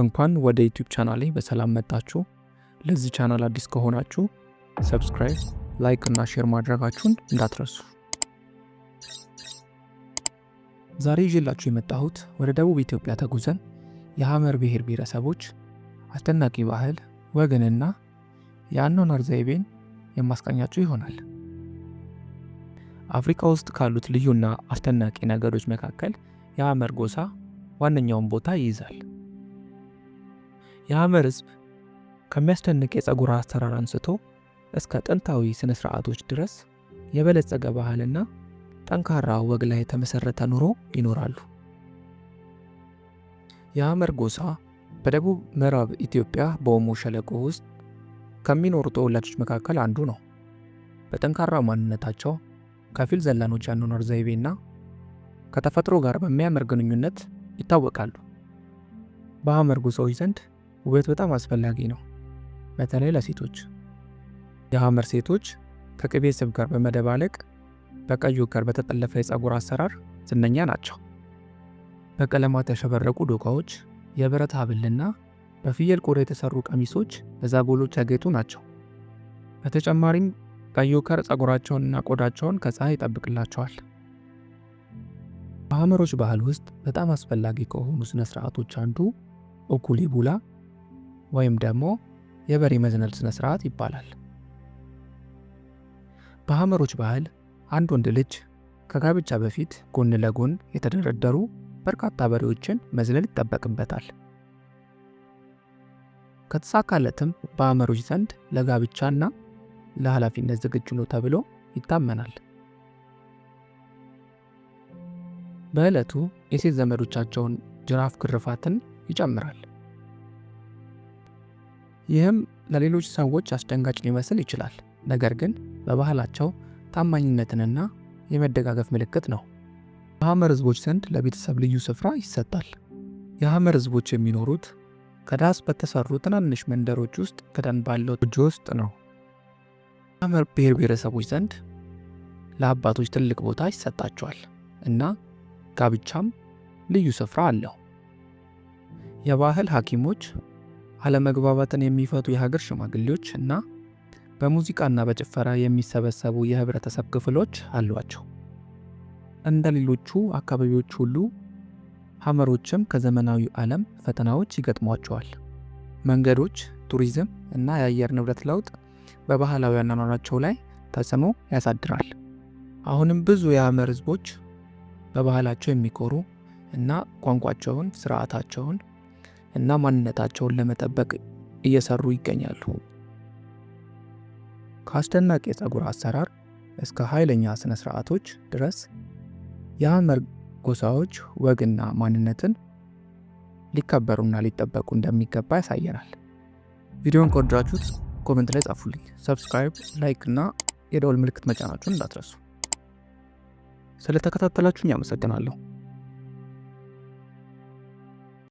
እንኳን ወደ ዩቲዩብ ቻናሌ በሰላም መጣችሁ። ለዚህ ቻናል አዲስ ከሆናችሁ ሰብስክራይብ፣ ላይክ እና ሼር ማድረጋችሁን እንዳትረሱ። ዛሬ ይዤላችሁ የመጣሁት ወደ ደቡብ ኢትዮጵያ ተጉዘን የሐመር ብሔር ብሔረሰቦች አስደናቂ ባህል፣ ወግንና የአኗኗር ዘይቤን የማስቃኛችሁ ይሆናል። አፍሪካ ውስጥ ካሉት ልዩና አስደናቂ ነገሮች መካከል የሐመር ጎሳ ዋነኛውን ቦታ ይይዛል። የሐመር ህዝብ ከሚያስደንቅ የፀጉር አሰራር አንስቶ እስከ ጥንታዊ ሥነ ሥርዓቶች ድረስ የበለጸገ ባህልና ጠንካራ ወግ ላይ የተመሠረተ ኑሮ ይኖራሉ። የሐመር ጎሳ በደቡብ ምዕራብ ኢትዮጵያ በኦሞ ሸለቆ ውስጥ ከሚኖሩ ተወላጆች መካከል አንዱ ነው። በጠንካራ ማንነታቸው፣ ከፊል ዘላኖች ያኗኗር ዘይቤና ከተፈጥሮ ጋር በሚያምር ግንኙነት ይታወቃሉ። በሐመር ጎሳዎች ዘንድ ውበት በጣም አስፈላጊ ነው፣ በተለይ ለሴቶች። የሐመር ሴቶች ከቅቤ ስብ ጋር በመደባለቅ በቀዩ ጋር በተጠለፈ የፀጉር አሰራር ዝነኛ ናቸው። በቀለማት ያሸበረቁ ዶቃዎች፣ የብረት ሀብልና በፍየል ቆዳ የተሰሩ ቀሚሶች በዛጎሎች ያጌጡ ናቸው። በተጨማሪም ቀዩ ከር ፀጉራቸውንና ቆዳቸውን ከፀሐይ ይጠብቅላቸዋል። በሐመሮች ባህል ውስጥ በጣም አስፈላጊ ከሆኑ ስነ ስርዓቶች አንዱ ኦኩሊቡላ ወይም ደግሞ የበሬ መዝነል ስነ ስርዓት ይባላል። በሐመሮች ባህል አንድ ወንድ ልጅ ከጋብቻ በፊት ጎን ለጎን የተደረደሩ በርካታ በሬዎችን መዝለል ይጠበቅበታል። ከተሳካለትም በሐመሮች ዘንድ ለጋብቻና ለኃላፊነት ዝግጁ ነው ተብሎ ይታመናል። በዕለቱ የሴት ዘመዶቻቸውን ጅራፍ ግርፋትን ይጨምራል። ይህም ለሌሎች ሰዎች አስደንጋጭ ሊመስል ይችላል፣ ነገር ግን በባህላቸው ታማኝነትንና የመደጋገፍ ምልክት ነው። በሐመር ህዝቦች ዘንድ ለቤተሰብ ልዩ ስፍራ ይሰጣል። የሐመር ህዝቦች የሚኖሩት ከዳስ በተሰሩ ትናንሽ መንደሮች ውስጥ ከደን ባለው ጎጆ ውስጥ ነው። የሐመር ብሔር ብሔረሰቦች ዘንድ ለአባቶች ትልቅ ቦታ ይሰጣቸዋል እና ጋብቻም ልዩ ስፍራ አለው። የባህል ሐኪሞች አለመግባባትን የሚፈቱ የሀገር ሽማግሌዎች እና በሙዚቃና በጭፈራ የሚሰበሰቡ የህብረተሰብ ክፍሎች አሏቸው። እንደ ሌሎቹ አካባቢዎች ሁሉ ሐመሮችም ከዘመናዊ ዓለም ፈተናዎች ይገጥሟቸዋል። መንገዶች፣ ቱሪዝም እና የአየር ንብረት ለውጥ በባህላዊ አኗኗራቸው ላይ ተጽዕኖ ያሳድራል። አሁንም ብዙ የሐመር ህዝቦች በባህላቸው የሚኮሩ እና ቋንቋቸውን፣ ስርዓታቸውን እና ማንነታቸውን ለመጠበቅ እየሰሩ ይገኛሉ። ከአስደናቂ የፀጉር አሰራር እስከ ኃይለኛ ስነ ስርዓቶች ድረስ የሐመር ጎሳዎች ወግና ማንነትን ሊከበሩና ሊጠበቁ እንደሚገባ ያሳየናል። ቪዲዮን ከወደዳችሁት ኮሜንት ላይ ጻፉልኝ። ሰብስክራይብ፣ ላይክ እና የደወል ምልክት መጫናችሁን እንዳትረሱ። ስለተከታተላችሁን አመሰግናለሁ።